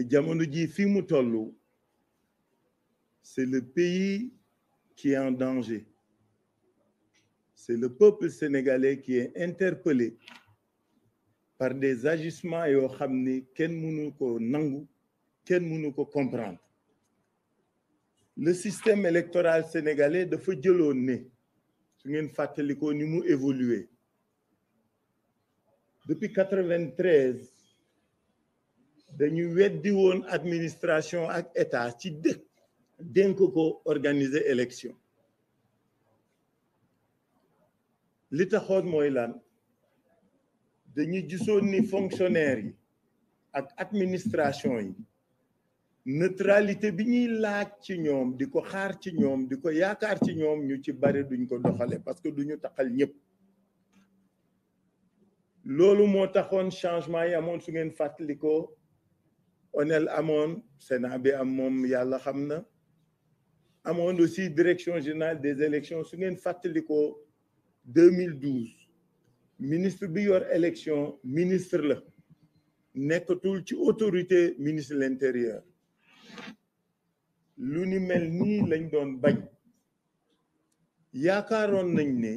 jamono ji fi mu tollu c'est le pays qui en danger c'est le peuple sénégalais qui est interpellé par des agissements yoo xam ni kenn mënu ko nangu kenn mënu ko comprendre le système électoral sénégalais dafa jëloon ne su ngeen fàttalikoo ni mu évolué depuis quatre dañu weddi woon administration ak état ci dëkk dénk ko organiser élection li taxoon mooy lan dañu gisoon ni fonctionnaire yi ak administration yi neutralité bi ñuy laaj ci ñoom di ko xaar ci ñoom di ko yaakaar ci ñoom ñu ci bari duñ ko doxale parce que duñu taxal ñëpp loolu moo taxoon changement yi amoon su ngeen fàttalikoo onel amoon sénat bi am moom yàlla xam na amoon aussi direction générale des élections su ngeen fàttalikoo 2012 ministre bi yor élection ministre la nekkatul ci autorité ministre de l'intérieur lu ni mel nii lañ doon bañ yaakaaroon nañ ni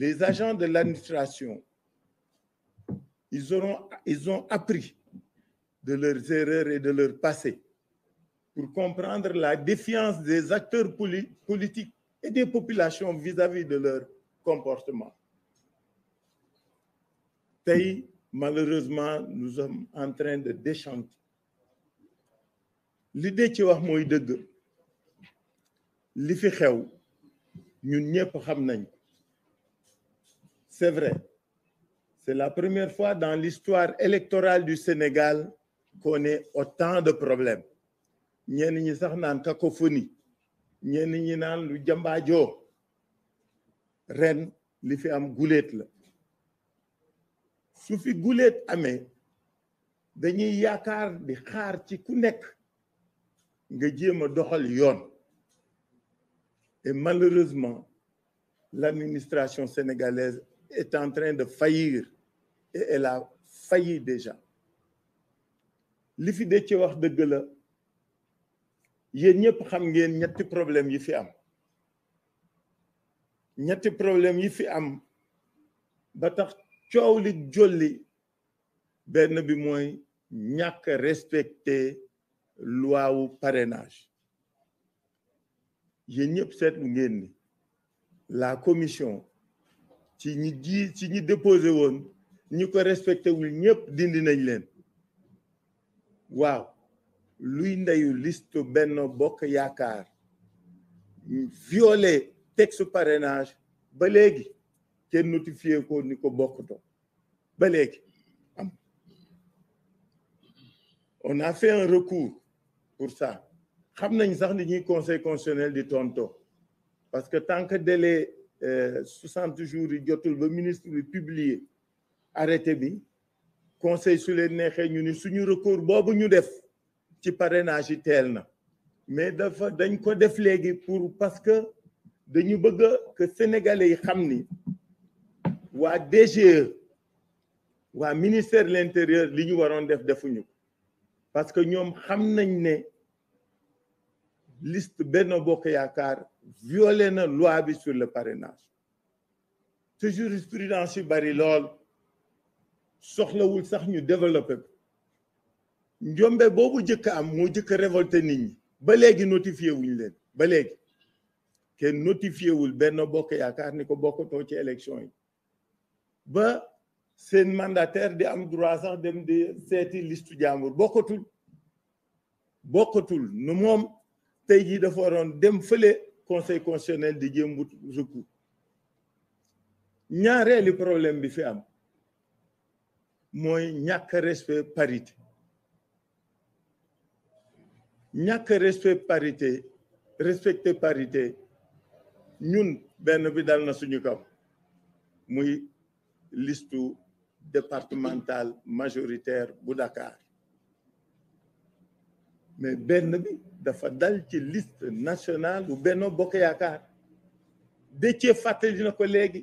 les agents de l'administration ils auront ils ont appris de leurs erreurs et de leur passé, pour comprendre la défiance des acteurs poli politiques et des populations vis-à-vis de leur comportement. Thaï, malheureusement, nous sommes en train de déchanter. L'idée ci wax mooy dëgg li fi xew ñun ñëpp xam nañ c'est vrai c'est la première fois dans l'histoire électorale du Sénégal qu'on ait autant de problèmes ñenn ñi sax naan cacophonie ñenn ñi naan lu jàmbaajoo ren li fi am guléet la sufi fi guléet amee dañuy yaakaar di xaar ci ku nekk nga jéem a doxal yoon et malheureusement l'administration sénégalaise est en train de faillir et elle a failli li fi dëcc wax dëgg la yéen ñëpp xam ngeen ñetti problème yi fi am ñetti problème yi fi am ba tax coow lig jolli benn bi mooy ñàkk respecté loi wu parrainage yéen ñëpp seetlu ngeen ni la commission ci ñi ji ci ñi déposé woon ñi ko respecté wul ñëpp dindi nañ leen waaw luy ndeyu liste benn Bokk Yaakaar violé texte parrainage ba léegi kenn notifié ko ni ko ba léegi am on a fait un recours pour ça xam nañ sax ni ñuy conseil constitutionnel di tonto parce que tant que délai euh, soixante jours yi jotul ba ministre bi publier arrêté bi conseil su leen neexee ñu ni suñu recours boobu ñu def ci parrainage yi teel na mais dafa dañ ko def léegi pour parce que dañu bëgg que sénégalais yi xam ni waa DGE waa ministère de l'intérieur li ñu waroon def defuñu parce que ñoom xam nañ ne liste benn Bokk Yaakaar violé na loi bi sur le parrainage te jurisprudence yi bari lool soxlawul sax ñu développé ko njombe boobu jëkk am mu jëkk révolté nit ñi ba léegi notifié wuñu leen ba léegi kenn notifié wul benn bokk yaakaar ni ko bokkatoo ci élection yi ba seen mandataire di am droit sax dem di seeti listu jàmbur bokkatul bokkatul nu moom tey jii dafa waroon dem fële conseil constitutionnel di jëmbut recours ñaareeli problème bi fi am mooy ñàkk respect parité ñàkk respect parité respecté parité ñun benn bi dal na suñu kaw muy listu departemental majoritaire bu Dakar mais benn bi dafa dal ci liste nationale bu benn Bokk Yaakaar Déthié fàttali na ko léegi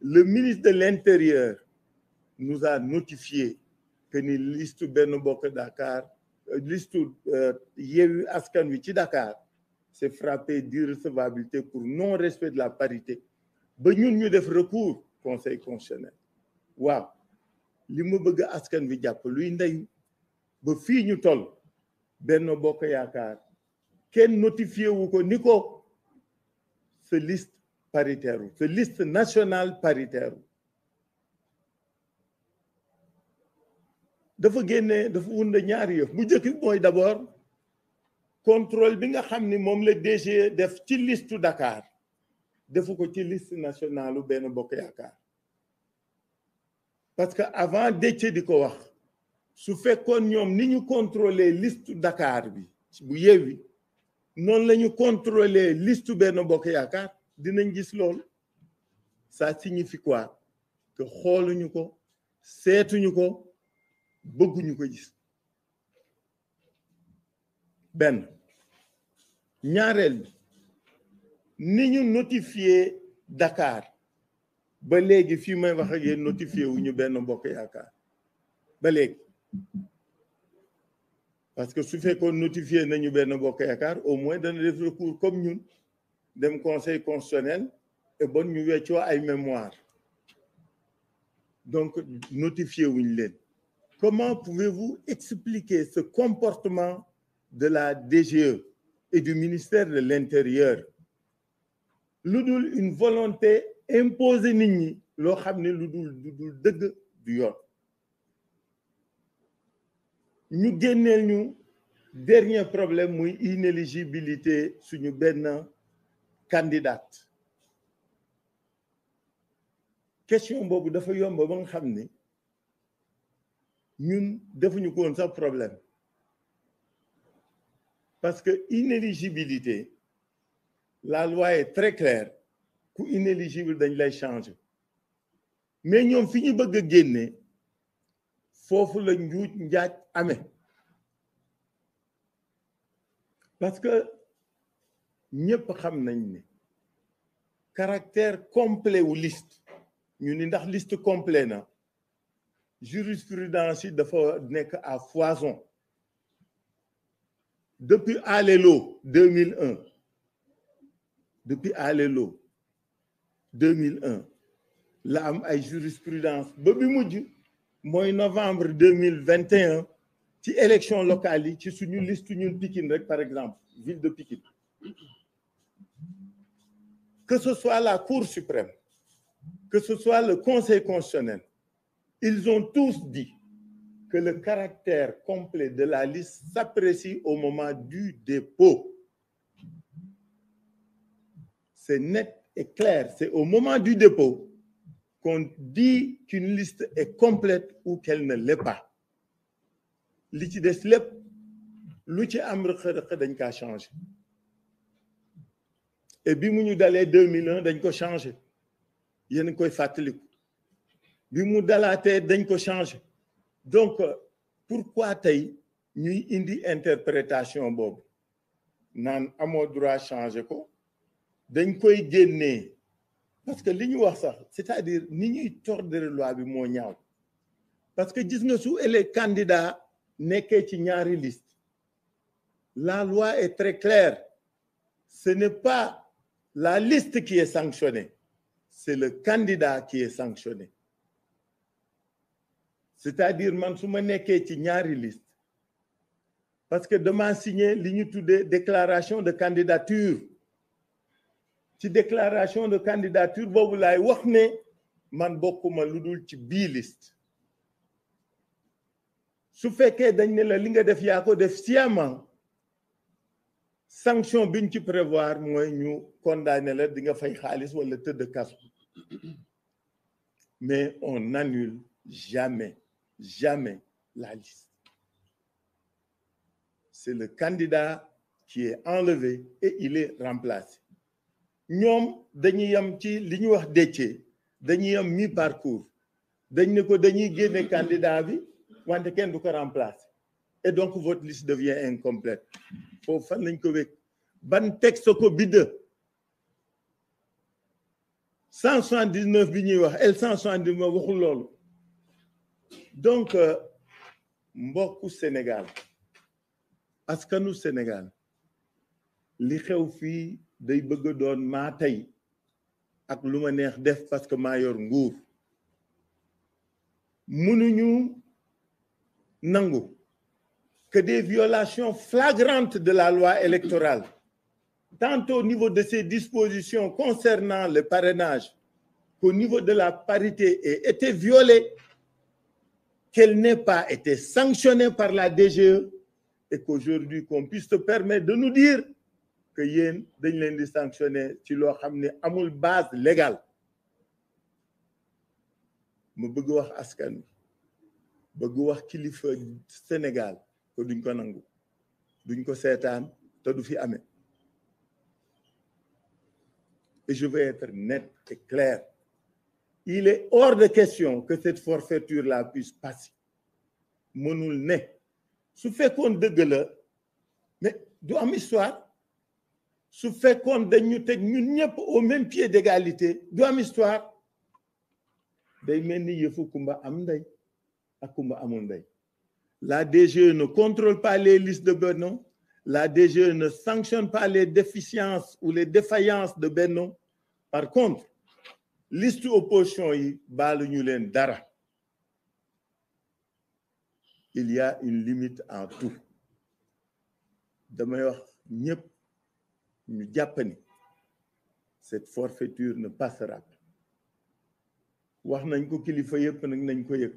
le ministre de l'intérieur nous a notifié que ni liste benn Bokk Dakar euh, liste euh, Yewwi Askan Wi ci Dakar c'est di d'irrecevabilité pour non-respect de la parité ba ñun ñu def recours conseil constitutionnel waaw li ma bëgg askan wi jàpp luy ndeyu ba fii ñu toll benn Bokk Yaakaar kenn notifié wu ko ni ko sa liste paritaire wu sa liste nationale paritaire dafa génne dafa wunde ñaari yëf bu njëkk mooy d'abord contrôle bi nga xam ni moom la DG def ci listu Dakar defu ko ci liste nationale benn bokk yaakaar parce que avant Déthié di ko wax su fekkoon ñoom ni ñu contrôler listu Dakar bi bu Yewwi noonu lañu ñu listu benn bokk yaakaar dinañ gis lool ça signifie quoi que xooluñu ko seetuñu ko bëgguñu ko gis benn ñaareel bi ni ñu notifié dakaar ba léegi fii may wax ak yéen notifié wu ñu benn mbokk yaakaar ba léegi parce que su fekkoon notifié nañu benn mbokk yaakaar au moins dana def recours comme ñun dem conseil constitutionnel et bon ñu weccoo ay mémoire donc notifié wuñ leen Comment pouvez-vous expliquer ce comportement de la DGE et du ministère de l'Intérieur lu dul une volonté imposée nit ñi loo xam ne lu dul lu dul dëgg du yoon ñu génneel ñu dernier problème muy inéligibilité suñu benn candidate question boobu dafa yomb ba xam ni ñun defuñu ko sax problème parce que inéligibilité la loi est très claire ku inéligible dañ lay changer mais ñoom fi ñu bëgg a génne foofu la njuuj njaaj ame parce que ñëpp xam nañ ni caractère complet wu liste ñu ni ndax list complet na jurisprudence yi dafa nekk à foison depuis mille un depuis Alelo 2001 la am ay jurisprudence ba bi mujj mooy novembre 2021 ci élection locale yi ci suñu liste ñun Pikine rek par exemple ville de Pikine que ce soit la Cour suprême que ce soit le Conseil constitutionnel Ils ont tous dit que le caractère complet de la liste s'apprécie au moment du dépôt. C'est net et clair. C'est au moment du dépôt qu'on dit qu'une liste est complète ou qu'elle ne l'est pas. li ci des lépp lu ci am rëq-rëq dañ kaa et bi mu ñu dalee 2001 dañ ko changé yéen koy fàttaliku bi mu dalaatee dañ ko changé donc euh, pourquoi tey ñuy indi interprétation boobu naan amoo droit changé ko dañ koy génnee parce que li ñu wax sax c'est-à-dire ni ñuy tordre loi bi moo ñaaw parce que gis nga su ëllëg candidat nekkee ci ñaari list la loi est très claire ce n'est pas la liste qui est sanctionnée c'est le candidat qui est sanctionné c'est-à-dire man su ma nekkee ci ñaari liste parce que dama signe li ñu tuddee déclaration de candidature ci déclaration de candidature boobu laay wax ne man bokkuma lu dul ci bii liste su fekkee dañ ne la li nga def yaa ko def sciemment sanction biñ ci prévoir mooy ñu condamné la di nga fay xaalis wala tëdd kaso mais on n'annule jamais jamais la liste. C'est le candidat qui est enlevé et il est remplacé. ñoom dañuy yem ci li ñu wax déccee dañuy yem mi parcours dañ ne ko dañuy génne candidat bi wante kenn du ko remplace et donc votre liste devient incomplète foofu fan lañ ko wékk ban texte ko bidd 179 bi ñuy wax L 179 waxul loolu donc euh, mbokku Sénégal askanu Sénégal li xew fii day bëgg a doon maa tey ak lu ma neex def parce que maa yor nguur mënuñu nangu que des violations flagrantes de la loi électorale tant au niveau de ses dispositions concernant le parrainage qu'au niveau de la parité aient été violées qu'elle n'ait pas été sanctionnée par la DGE et qu'aujourd'hui qu'on puisse te permettre de nous dire que yéen dañ leen di sanctionné ci loo xam ne amul base légale mu bëgg wax askan wi bëgg wax kilifa Sénégal ko duñ ko nangu duñ ko seetaan te du fi ame et je vais être net et clair il est hors de question que cette forfaiture-là puisse passer mënul ne su fekkoon dëgg la mais du am histoire su fekkoon dañu teg ñun ñëpp au même pied d'égalité du am histoire day mel ni yëfu kumba am ndey ak kumba amul la DGE ne contrôle pas les listes de Benno la DGE ne sanctionne pas les déficiences ou les défaillances de Benno par contre liste opposition yi baaluñu leen dara il y a une limite en tout damay wax ñëpp ñu jàpp ni cette forfaiture ne passera pas wax nañ ko kilifa yëpp nag nañ ko yëg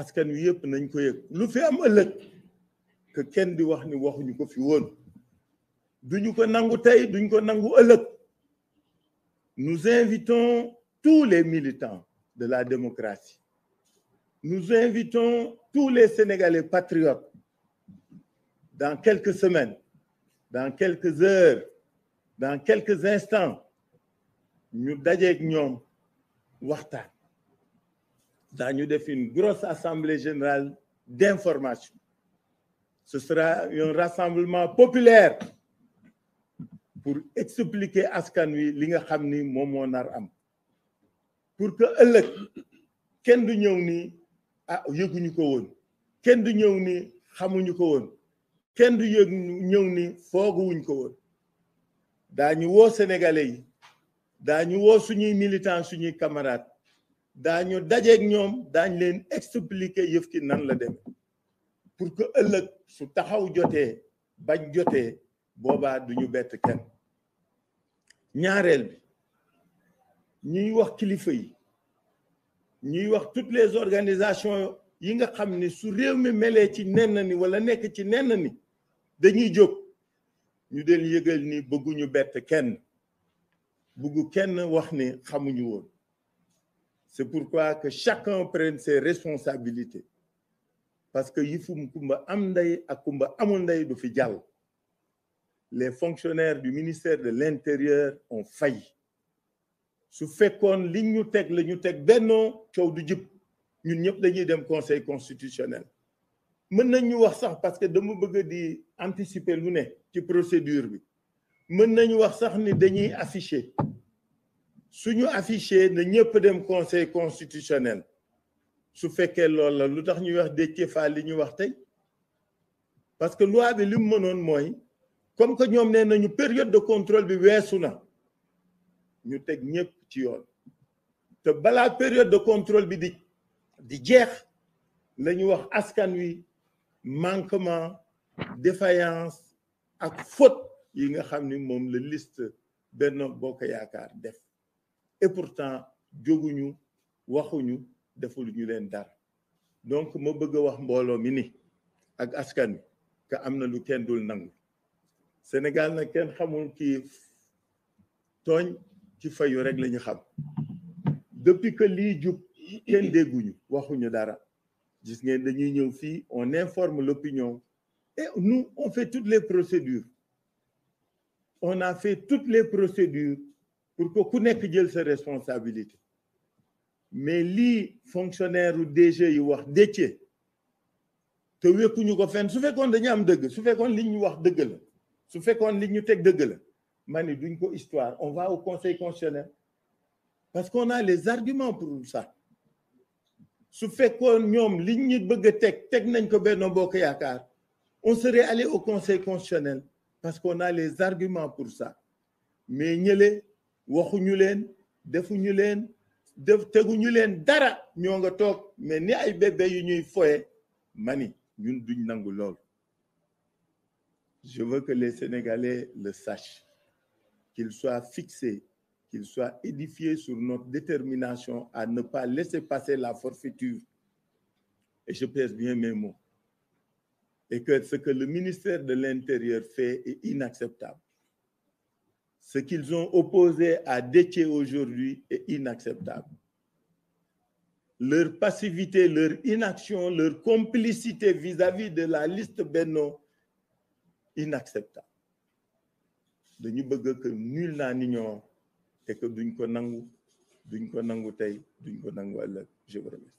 askan wi yëpp nañ ko yëg lu fi am ëllëg que kenn di wax ni waxuñu ko fi woon duñu ko nangu tey duñ ko nangu ëllëg Nous invitons tous les militants de la démocratie. Nous invitons tous les Sénégalais patriotes dans quelques semaines, dans quelques heures, dans quelques instants, ñu dajeeg ñoom waxtaan daañu def une grosse assemblée générale d'information. Ce sera un rassemblement populaire pour expliquer askan wi li nga xam ni moom moo nar am pour que ëllëg kenn du ñëw ni ah yëguñu ko woon kenn du ñëw ni xamuñu ko woon kenn du yëg ñëw ni fooguwuñ ko woon daañu woo sénégalais yi daañu woo suñuy militant suñuy camarade daañu dajeeg ñoom daañ leen expliquer yëf ki nan la deme pour que ëllëg su taxaw jotee bañ jotee boobaa duñu bett kenn ñaareel bi ñuy wax kilifa yi ñuy wax toutes les organisations yi nga xam ni su réew mi melee ci nenn ni wala nekk ci nenn ni dañuy jóg ñu del yëgal ni bëgguñu bett kenn bëggu kenn wax ni xamuñu woon c'est pourquoi que chacun prenne ses responsabilités parce que yëfum kumba am ndey ak kumba amul ndey du fi jàll les fonctionnaires du ministère de l'intérieur on fay su fekkoon li ñu teg la ñu teg bennoo coow du jub ñun ñëpp dañuy dem conseil constitutionnel mën nañu wax sax parce que dama bëgg di anticiper lu ne ci procédure bi mën nañu wax sax ni dañuy afficher suñu affiché na ñëpp dem conseil constitutionnel su fekkee loolu la lu tax ñuy wax Déthié Fall li ñu wax tey parce que loi bi mënoon mooy comme que ñoom nee nañu période de contrôle bi weesu na ñu teg ñëpp ci yoon te balaa période de contrôle bi di di jeex la wax askan wi manquement défaillance ak faute yi nga xam ni moom la liste Benno Bokk Yaakaar def et pourtant jóguñu waxuñu deful ñu leen dara donc ma bëgg a wax mbooloo mi ni ak askan wi que am na lu kenn dul nangu Sénégal na kenn xamu ci tooñ ci fayo rek la ñu xam depuis que li jub kenn dégguñu waxuñu dara gis ngeen dañuy ñëw fii on informe l'opinion et nous on fait toutes les procédures on a fait toutes les procédures pour que ku nekk jël sa responsabilité mais li fonctionnaire u DG yi wax déccee te wékkuñu ko fenn su fekkoon dañu am dëgg su fekkoon li ñu wax dëgg la su fekkoon li ñu teg dëgg la ma ni duñ ko histoire on va au conseil constitutionnel parce qu'on a les arguments pour sa su fekkoon ñoom li ñu bëgg a teg teg nañ ko Benno Bokk Yaakaar on serait allé au conseil constitutionnel parce qu'on a les arguments pour ça mais ñële waxuñu leen defuñu leen def teguñu leen dara ñoo nga toog mais ni ay bébé yu ñuy foye mani ñun duñ nangu lool Je veux que les Sénégalais le sachent, qu'ils soient fixés, qu'ils soient édifiés sur notre détermination à ne pas laisser passer la forfaiture. Et je pèse bien mes mots. Et que ce que le ministère de l'Intérieur fait est inacceptable. Ce qu'ils ont opposé à Détier aujourd'hui est inacceptable. Leur passivité, leur inaction, leur complicité vis-à-vis de la liste Benno inacceptable dañu bëgg que nul n'en ignore et que duñ ko nangu duñ ko nangu tey duñ ko nangu ëllëg je vous